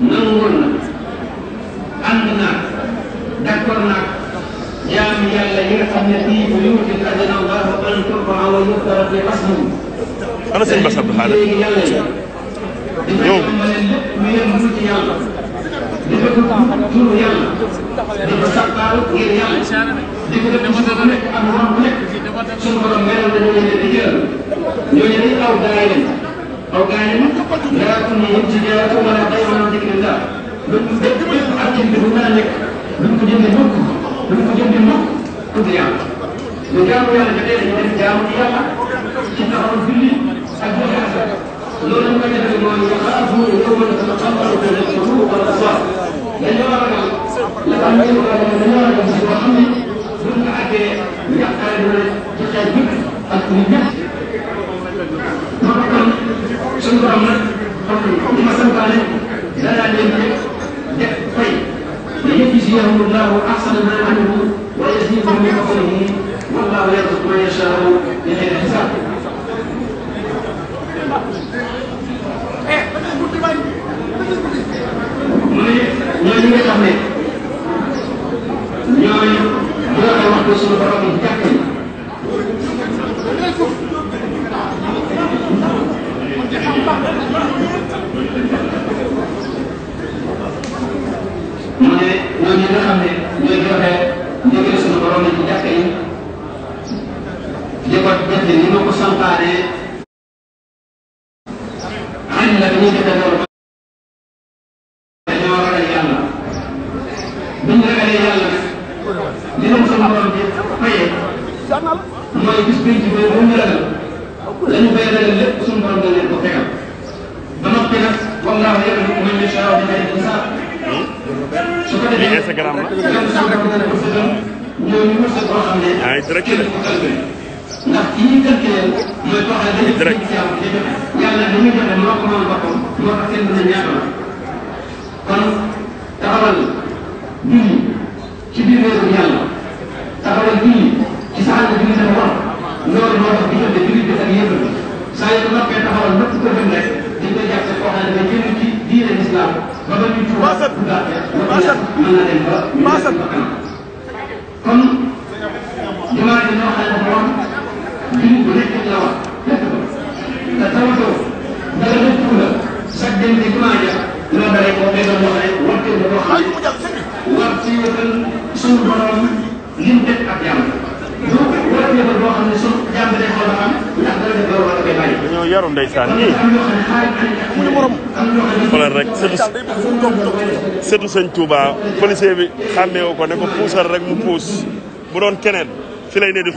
nangoon na ànd naag d'accord naag jaam yàlla yi nga xam ne fii bu yuutil adina allahu an turfaa wa yuftara fi asmum ana sëñ Bass Abdou Khadre léegi yàlla yi ñëw ñu leen dul ci yàlla di ko turu yàlla di ko sàbbaal ngir yàlla di ko def ci suñu nekk ak morom bu nekk suñu borom melal dañu leen di jël ñooñu dañuy aw daay leen aw gaa yi yaakaar ni jigéen ku mën a béy la luñ bépp ak jënd bu mën a nekk luñ ko jëndee mukk luñ ko mukk pour di yàlla. mais jaamu yàlla ba tey dañu def jaamu ci yàlla ci taxaw ak joxe am ñu ko xam ne dañoo war a def si boo ci xeet bi ak ñu ñëpp suñu borom nag xam nga ma santaane danaa leen ne def fay ne yajziyahum Allahu ahsana ma amilu wa yazidahum min fadlihi wallahu yarzuqu man yashaa'u bi ghayri hisaab mu ne ñooñu nga xam ne ñooñu ñoo koy wax suñu borom jàkk def ni ma ko santaane xëy na dañuy def loolu dañoo ragal yàlla bu ñu ragalee yàlla li leen sama borom bi fayee mooy gis pénc bi bu ñu ragal la ñu koy ragal lépp suñu borom da leen ko fekkal ba noppi nag wallaahu yàlla mu ngi saa di may di saa su ko defee Instagram la ñooñu wërsëg boo xam ne ndax ki ñuy calculer mooy koo xam ne dañuy joxe yàlla li muy joxe moo ko mën boppam moo tax kenn dina ñaata la kon taxawal julli ci biir réewu yàlla taxawal julli ci sa àll bi nga dem war loolu moo tax diggante jullit bi ak yëpp saa yu ko noppee taxawal lépp ko gën rek dañ koy jàpp koo xam ne dafa génn ci diine lislaam ba ba ñu tuuba bu gàttee mën na dem ba kon jumaa ji ñoo xam ne moom minute bu ne sëñ Touba policier bi xàmmeewu ko ne puusal rek mu puus bu doon keneen fi lay ne di